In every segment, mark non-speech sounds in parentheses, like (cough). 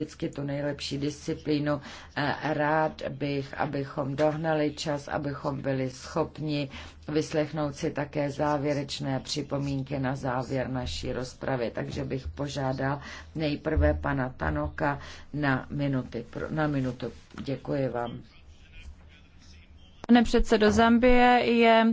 vždycky tu nejlepší disciplínu. Eh, rád bych, abychom dohnali čas, abychom byli schopni vyslechnout si také závěrečné připomínky na závěr naší rozpravy. Takže bych požádal nejprve pana Tanoka na, minuty, na minutu. Děkuji vám. Pane předsedo, Zambie je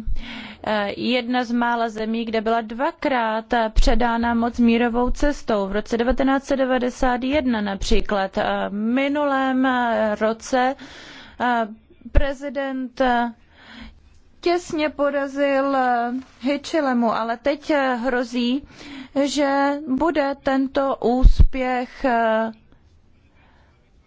eh, jedna z mála zemí, kde byla dvakrát předána moc mírovou cestou. V roce 1991 například. Eh, v minulém eh, roce prezident těsně porazil Hichilemu, ale teď hrozí, že bude tento úspěch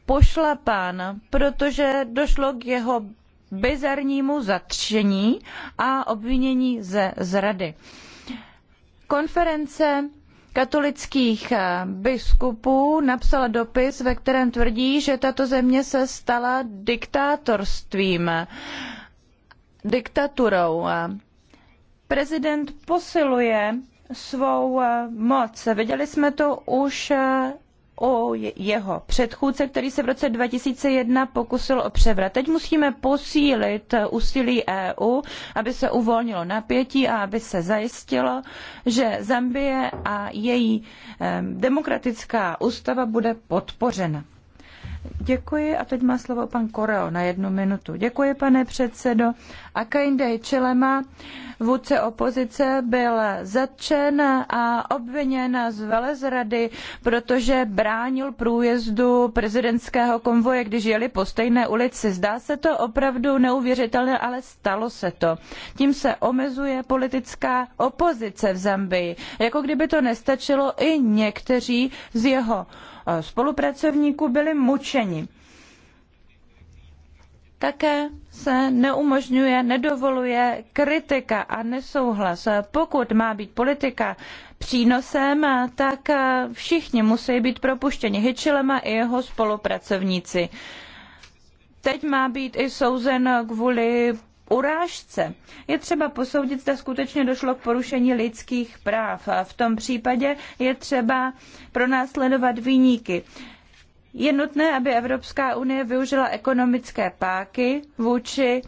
pošlapán, protože došlo k jeho bizarnímu zatčení a obvinění ze zrady. Konference katolických eh, biskupů napsala dopis, ve kterém tvrdí, že tato země se stala diktátorstvím, diktaturou. Prezident posiluje svou eh, moc. Viděli jsme to už eh, o jeho předchůdce, který se v roce 2001 pokusil o převrat. Teď musíme posílit eh, úsilí EU, aby se uvolnilo napětí a aby se zajistilo, že Zambie a její eh, demokratická ústava bude podpořena. Děkuji a teď má slovo pan Koreo na jednu minutu. Děkuji, pane předsedo. Akaindej Čelema, vůdce opozice, byl zatčen a obviněn z velezrady, protože bránil průjezdu prezidentského konvoje, když jeli po stejné ulici. Zdá se to opravdu neuvěřitelné, ale stalo se to. Tím se omezuje politická opozice v Zambii. Jako kdyby to nestačilo, i někteří z jeho spolupracovníků byli mučeni. Také se neumožňuje, nedovoluje kritika a nesouhlas. Pokud má být politika přínosem, tak všichni musí být propuštěni Hitchelema i jeho spolupracovníci. Teď má být i souzen kvůli urážce. Je třeba posoudit, zda skutečně došlo k porušení lidských práv. A v tom případě je třeba pronásledovat výníky. Je nutné, aby Evropská unie využila ekonomické páky vůči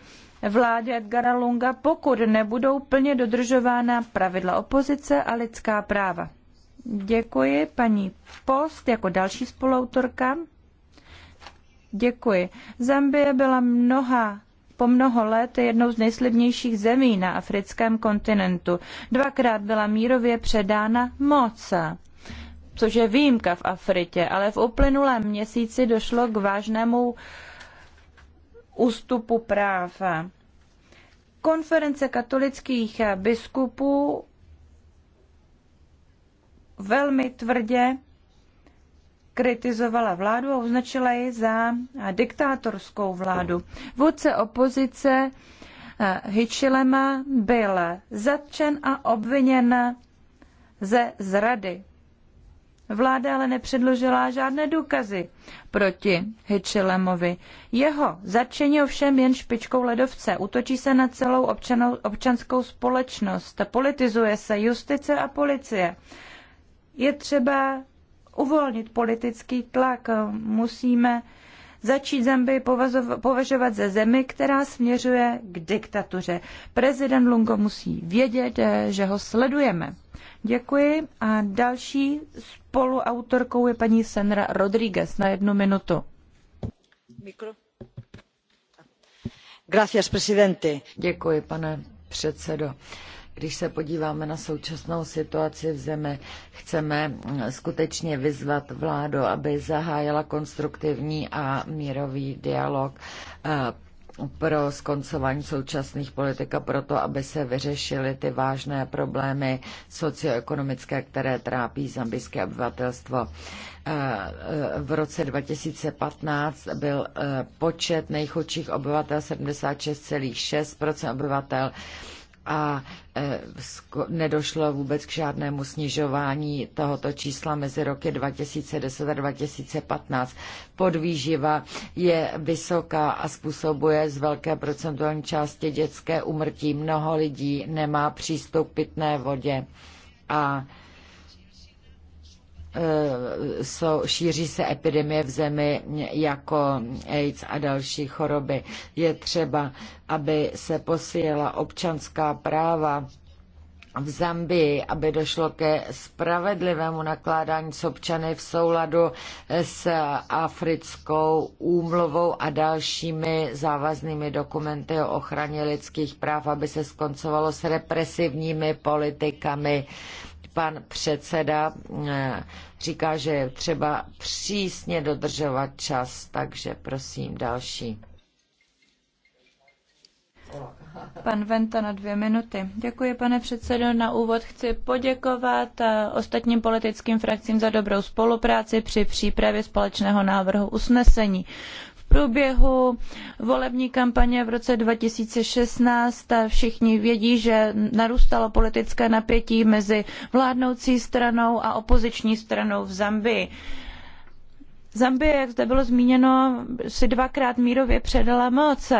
vládě Edgara Lunga, pokud nebudou plně dodržována pravidla opozice a lidská práva. Děkuji paní Post jako další spoluautorka. Děkuji. Zambie byla mnoha po mnoho let je jednou z nejslibnějších zemí na africkém kontinentu. Dvakrát byla mírově předána moc což je výjimka v Africe, ale v uplynulém měsíci došlo k vážnému ústupu práv. Konference katolických biskupů velmi tvrdě kritizovala vládu a označila ji za diktátorskou vládu. Vůdce opozice eh, Hichilema byl zatčen a obviněn ze zrady. Vláda ale nepředložila žádné důkazy proti Hichilemovi. Jeho zatčení ovšem jen špičkou ledovce. Utočí se na celou občanou, občanskou společnost, politizuje se justice a policie. Je třeba uvolnit politický tlak. Musíme začít Zemby považovat ze zemi, která směřuje k diktatuře. Prezident Lungo musí vědět, že ho sledujeme. Děkuji a další spoluautorkou je paní Senra Rodriguez na jednu minutu. Mikro. Gracias, presidente. Děkuji, pane předsedo. Když se podíváme na současnou situaci v zemi, chceme mm, skutečně vyzvat vládu, aby zahájila konstruktivní a mírový dialog eh, pro skoncování současných politik a proto, aby se vyřešily ty vážné problémy socioekonomické, které trápí zambijské obyvatelstvo. Eh, eh, v roce 2015 byl počet nejchudších obyvatel 76,6 obyvatel a e, nedošlo vůbec k žádnému snižování tohoto čísla mezi roky 2010 a 2015. Podvýživa je vysoká a způsobuje z velké procentuální části dětské umrtí. Mnoho lidí nemá přístup k pitné vodě a Eh, so, šíří se epidemie v zemi jako AIDS a další choroby. Je třeba, aby se posílila občanská práva v Zambii, aby došlo ke spravedlivému nakládání s občany v souladu s africkou úmluvou a dalšími závaznými dokumenty o ochraně lidských práv, aby se skoncovalo s represivními politikami pan předseda eh, říká, že je třeba přísně dodržovat čas, takže prosím další. Pan Venta na dvě minuty. Děkuji, pane předsedo. Na úvod chci poděkovat eh, ostatním politickým frakcím za dobrou spolupráci při přípravě společného návrhu usnesení průběhu volební kampaně v roce 2016 všichni vědí, že narůstalo politické napětí mezi vládnoucí stranou a opoziční stranou v Zambii. Zambie, jak zde bylo zmíněno, si dvakrát mírově předala moc.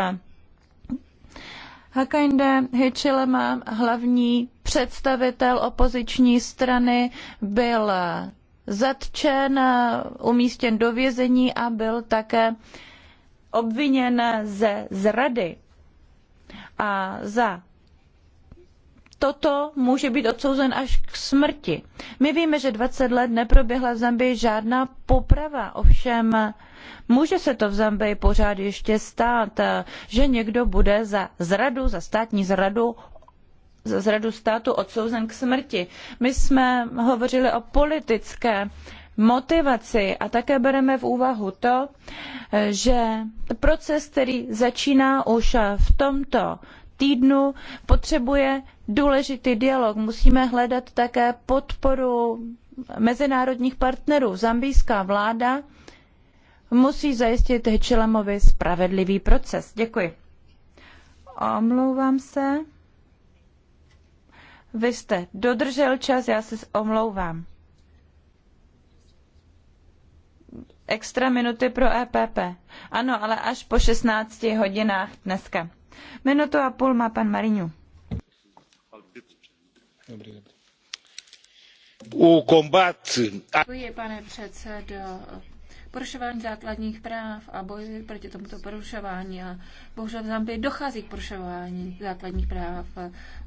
Hakainde Hichilema, hlavní představitel opoziční strany, byl zatčen, umístěn do vězení a byl také obviněn ze zrady a za toto může být odsouzen až k smrti. My víme, že 20 let neproběhla v Zambii žádná poprava, ovšem může se to v Zambii pořád ještě stát, že někdo bude za zradu, za státní zradu za zradu státu odsouzen k smrti. My jsme hovořili o politické motivaci a také bereme v úvahu to, že proces, který začíná už v tomto týdnu, potřebuje důležitý dialog. Musíme hledat také podporu mezinárodních partnerů. Zambijská vláda musí zajistit Hichilemovi spravedlivý proces. Děkuji. Omlouvám se. Vy jste dodržel čas, já se omlouvám. extra minuty pro EPP. Ano, ale až po 16 hodinách dneska. Minutu a půl má pan Mariňu. Dobrý, dobrý. U kombat... Děkuji, pane předsedo porušování základních práv a boj proti tomuto porušování. A bohužel v Zambii dochází k porušování základních práv.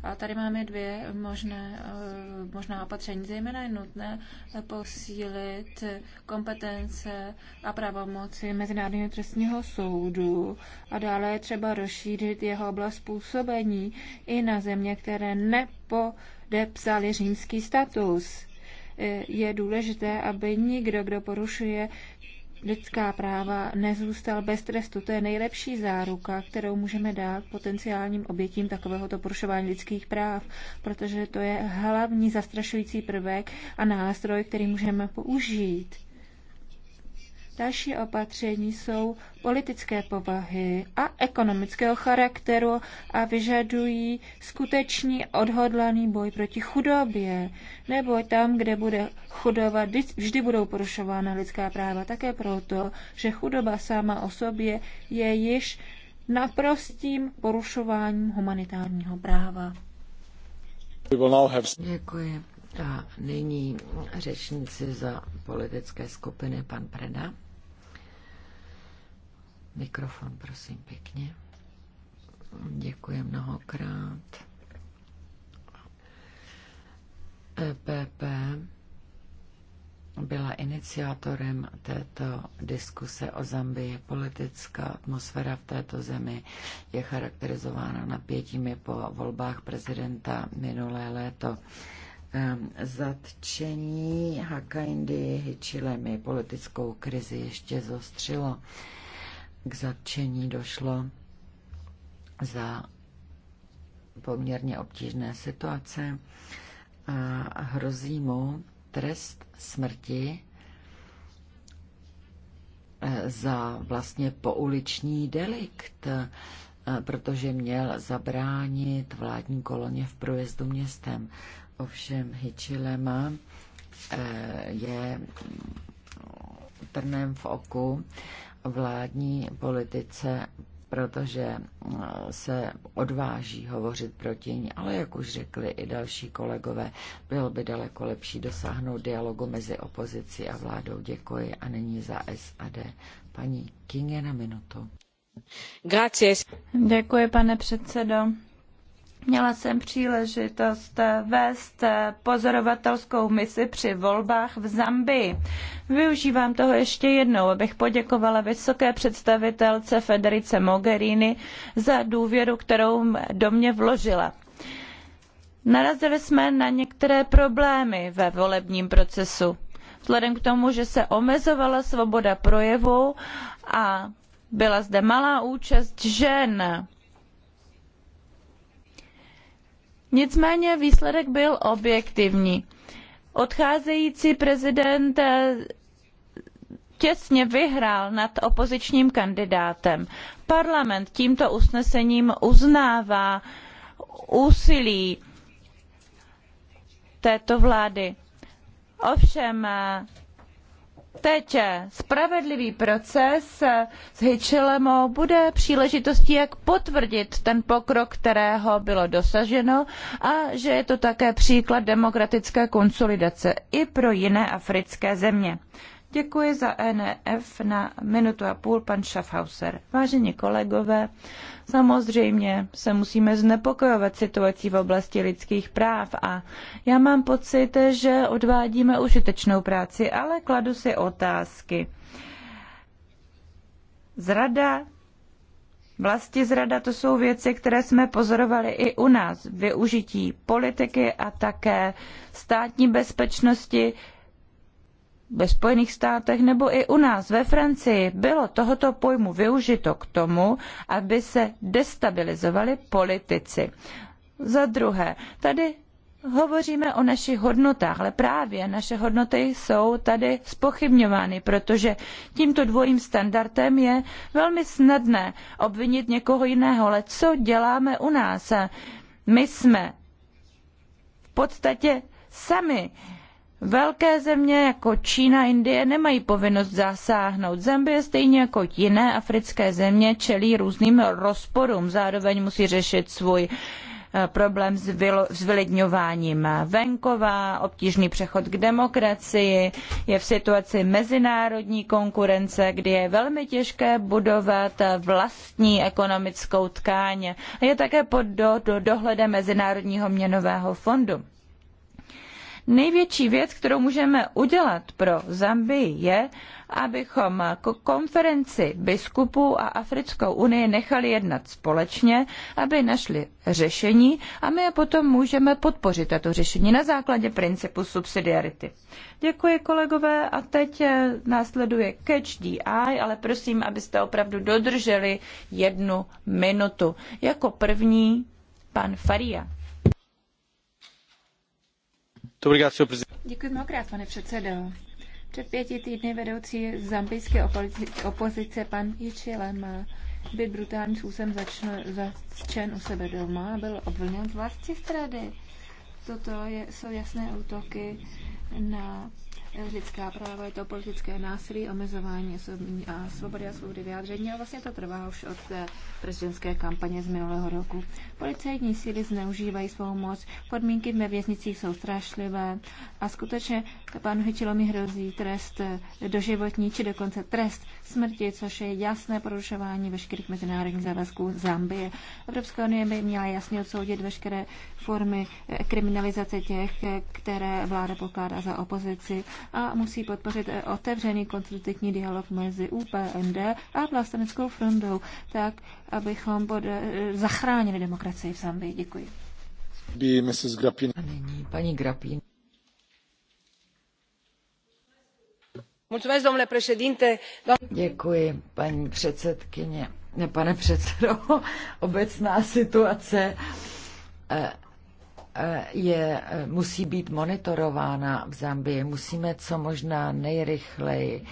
A tady máme dvě možné, eh, možná opatření. Zejména je nutné posílit kompetence a pravomoci Mezinárodního trestního soudu a dále je třeba rozšířit jeho oblast působení i na země, které nepodepsaly římský status je důležité, aby nikdo, kdo porušuje lidská práva, nezůstal bez trestu. To je nejlepší záruka, kterou můžeme dát potenciálním obětím takovéhoto porušování lidských práv, protože to je hlavní zastrašující prvek a nástroj, který můžeme použít. Další opatření jsou politické povahy a ekonomického charakteru a vyžadují skutečný odhodlaný boj proti chudobě, nebo tam, kde bude chudoba, vždy budou porušována lidská práva, také proto, že chudoba sama o sobě je již naprostým porušováním humanitárního práva. Děkuji. A nyní řečníci za politické skupiny, pan Preda. Mikrofon, prosím, pěkně. Děkuji mnohokrát. EPP byla iniciátorem této diskuse o Zambii. Politická atmosféra v této zemi je charakterizována napětími po volbách prezidenta minulé léto. Ehm, zatčení Hakaindy Hichilemi politickou krizi ještě zostřilo k zatčení došlo za poměrně obtížné situace a hrozí mu trest smrti eh, za vlastně pouliční delikt, eh, protože měl zabránit vládní koloně v projezdu městem. Ovšem Hichilema eh, je trnem v oku vládní politice, protože mm, se odváží hovořit proti ní, ale jak už řekli i další kolegové, bylo by daleko lepší dosáhnout dialogu mezi opozicí a vládou. Děkuji a nyní za SAD. Paní Kinge na minutu. Děkuji, pane předsedo. Měla jsem příležitost vést pozorovatelskou misi při volbách v Zambii. Využívám toho ještě jednou, abych poděkovala vysoké představitelce Federice Mogherini za důvěru, kterou do mě vložila. Narazili jsme na některé problémy ve volebním procesu. Vzhledem k tomu, že se omezovala svoboda projevu a byla zde malá účast žen. Nicméně výsledek byl objektivní. Odcházející prezident těsně vyhrál nad opozičním kandidátem. Parlament tímto usnesením uznává úsilí této vlády. Ovšem teď spravedlivý proces s Hitchelemo bude příležitostí, jak potvrdit ten pokrok, kterého bylo dosaženo a že je to také příklad demokratické konsolidace i pro jiné africké země. Děkuji za N.F. E na minutu a půl, pan Schaffhauser. Vážení kolegové, samozřejmě se musíme znepokojovat situací v oblasti lidských práv a já mám pocit, že odvádíme užitečnou práci, ale kladu si otázky. Zrada Vlasti zrada to jsou věci, které jsme pozorovali i u nás. Využití politiky a také státní bezpečnosti ve Spojených státech nebo i u nás ve Francii bylo tohoto pojmu využito k tomu, aby se destabilizovali politici. Za druhé, tady hovoříme o našich hodnotách, ale právě naše hodnoty jsou tady spochybňovány, protože tímto dvojím standardem je velmi snadné obvinit někoho jiného. Ale co děláme u nás? My jsme v podstatě sami Velké země jako Čína, Indie nemají povinnost zasáhnout. Zambie stejně jako jiné africké země čelí různým rozporům. Zároveň musí řešit svůj eh, problém s, vylo, s vylidňováním venkova, obtížný přechod k demokracii, je v situaci mezinárodní konkurence, kdy je velmi těžké budovat vlastní ekonomickou tkáň. Je také pod do, do dohledem Mezinárodního měnového fondu. Největší věc, kterou můžeme udělat pro Zambii, je, abychom konferenci biskupů a Africkou unii nechali jednat společně, aby našli řešení a my je potom můžeme podpořit tato řešení na základě principu subsidiarity. Děkuji kolegové a teď eh, následuje Catch eye, ale prosím, abyste opravdu dodrželi jednu minutu. Jako první pan Faria. Děkuji mnohokrát, pane předsedo. Před pěti týdny vedoucí zambijské opozice pan Ichilema byl brutálním způsobem začen u sebe doma a byl obviněn z vlastní strady. Toto je, jsou jasné útoky na lidská práva, je to politické násilí, omezování a svobody a svobody vyjádření a vlastně to trvá už od té prezidentské kampaně z minulého roku. Policejní síly zneužívají svou moc, podmínky ve věznicích jsou strašlivé a skutečně panu mi hrozí trest doživotní či dokonce trest smrti, což je jasné porušování veškerých mezinárodních závazků Zambie. Evropská unie by měla jasně odsoudit veškeré formy kriminalizace těch, které vláda pokládá za opozici a musí podpořit eh, otevřený konstruktivní dialog mezi UPND a vlasteneckou frontou, tak, abychom pod, eh, zachránili demokracii v Zambii. Děkuji. Mrs. Grapin. A nyní paní Grapin. Děkuji, paní předsedkyně. Ne, pane předsedo, (laughs) obecná situace eh, je, musí být monitorována v Zambii. Musíme co možná nejrychleji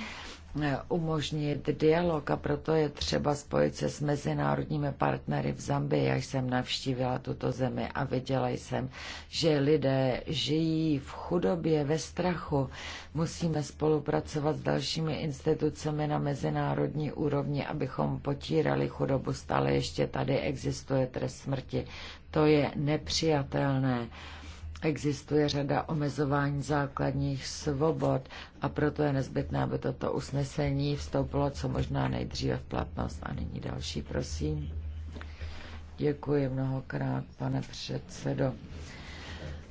eh, umožnit dialog a proto je třeba spojit se s mezinárodními partnery v Zambii. Já jsem navštívila tuto zemi a viděla jsem, že lidé žijí v chudobě, ve strachu. Musíme spolupracovat s dalšími institucemi na mezinárodní úrovni, abychom potírali chudobu. Stále ještě tady existuje trest smrti. To je nepřijatelné. Existuje řada omezování základních svobod a proto je nezbytné, aby toto usnesení vstoupilo co možná nejdříve v platnost. A nyní další, prosím. Děkuji mnohokrát, pane předsedo.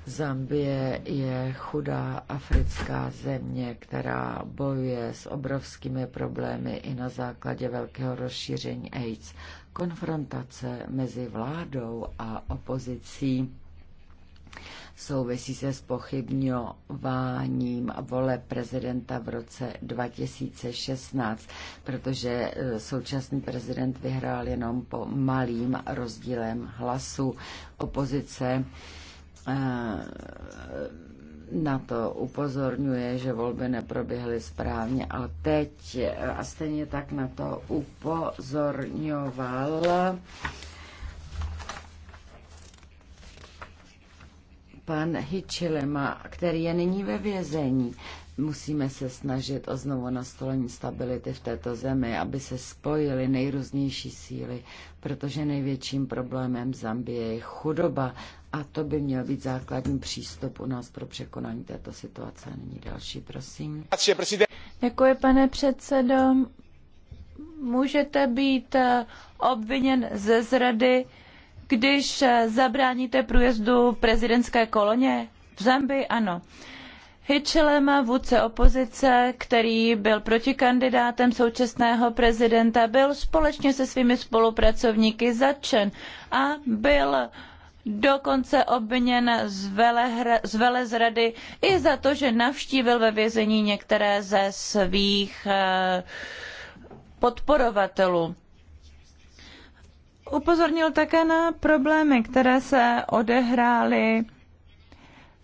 Zambie je chudá africká země, která bojuje s obrovskými problémy i na základě velkého rozšíření AIDS. Konfrontace mezi vládou a opozicí souvisí se s pochybňováním vole prezidenta v roce 2016, protože eh, současný prezident vyhrál jenom po malým rozdílem hlasu. Opozice eh, na to upozorňuje, že volby neproběhly správně, ale teď a stejně tak na to upozorňoval pan Hichilema, který je nyní ve vězení Musíme se snažit o znovu nastolení stability v této zemi, aby se spojily nejrůznější síly, protože největším problémem Zambie je chudoba a to by měl být základní přístup u nás pro překonání této situace. Nyní další, prosím. Děkuji, pane předsedo. Můžete být eh, obviněn ze zrady, když eh, zabráníte průjezdu prezidentské koloně? V Zambii ano. Hitchelem, vůdce opozice, který byl protikandidátem současného prezidenta, byl společně se svými spolupracovníky zatčen a byl dokonce obviněn z, z velezrady i za to, že navštívil ve vězení některé ze svých eh, podporovatelů. Upozornil také na problémy, které se odehrály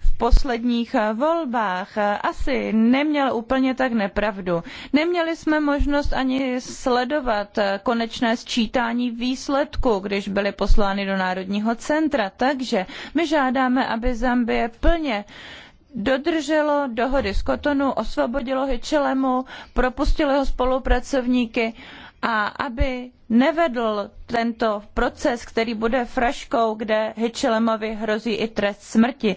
v posledních eh, volbách eh, asi neměl úplně tak nepravdu. Neměli jsme možnost ani sledovat eh, konečné sčítání výsledku, když byly poslány do Národního centra, takže my žádáme, aby Zambie plně dodrželo dohody z Kotonu, osvobodilo Hičelemu, propustilo jeho spolupracovníky a aby nevedl tento proces, který bude fraškou, kde Hichelemovi hrozí i trest smrti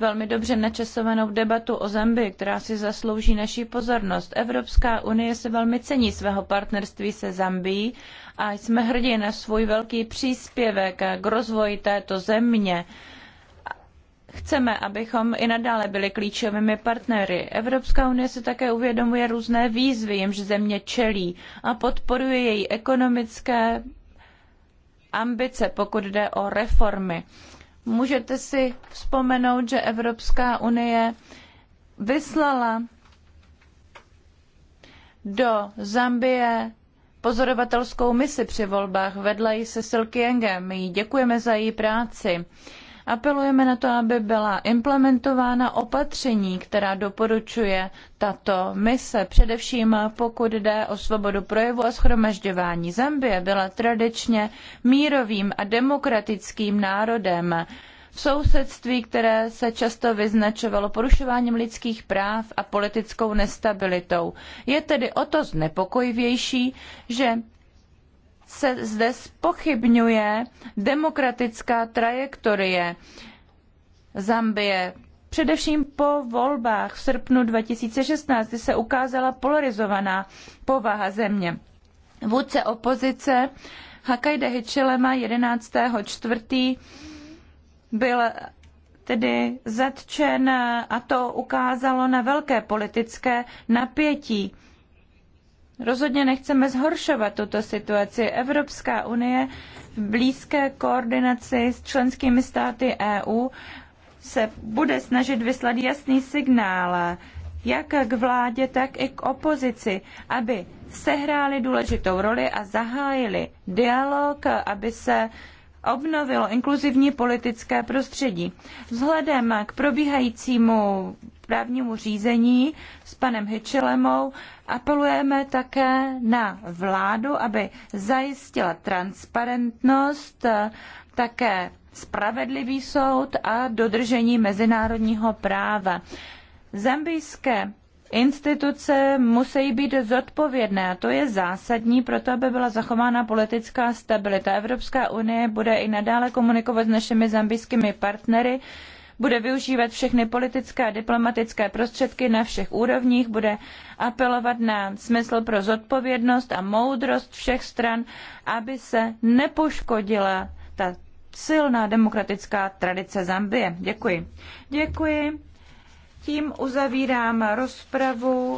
velmi dobře načasovanou debatu o Zambii, která si zaslouží naší pozornost. Evropská unie se velmi cení svého partnerství se Zambií a jsme hrdí na svůj velký příspěvek k rozvoji této země. Chceme, abychom i nadále byli klíčovými partnery. Evropská unie se také uvědomuje různé výzvy, jimž země čelí a podporuje její ekonomické ambice, pokud jde o reformy. Můžete si vzpomenout, že Evropská unie vyslala do Zambie pozorovatelskou misi při volbách. Vedla ji se Silky Engem. Jí děkujeme za její práci. Apelujeme na to, aby byla implementována opatření, která doporučuje tato mise, především pokud jde o svobodu projevu a schromažďování. Zambie byla tradičně mírovým a demokratickým národem v sousedství, které se často vyznačovalo porušováním lidských práv a politickou nestabilitou. Je tedy o to znepokojivější, že se zde spochybňuje demokratická trajektorie Zambie. Především po volbách v srpnu 2016, kdy se ukázala polarizovaná povaha země. Vůdce opozice Hakaide Hichilema 11. čtvrtý byl tedy zatčen a to ukázalo na velké politické napětí. Rozhodně nechceme zhoršovat tuto situaci. Evropská unie v blízké koordinaci s členskými státy EU se bude snažit vyslat jasný signál jak k vládě, tak i k opozici, aby sehráli důležitou roli a zahájili dialog, aby se obnovilo inkluzivní politické prostředí. Vzhledem k probíhajícímu právnímu řízení s panem Hitchelemou Apelujeme také na vládu, aby zajistila transparentnost, také spravedlivý soud a dodržení mezinárodního práva. Zambijské instituce musí být zodpovědné a to je zásadní pro to, aby byla zachována politická stabilita. Evropská unie bude i nadále komunikovat s našimi zambijskými partnery bude využívat všechny politické a diplomatické prostředky na všech úrovních, bude apelovat na smysl pro zodpovědnost a moudrost všech stran, aby se nepoškodila ta silná demokratická tradice Zambie. Děkuji. Děkuji. Tím uzavírám rozpravu.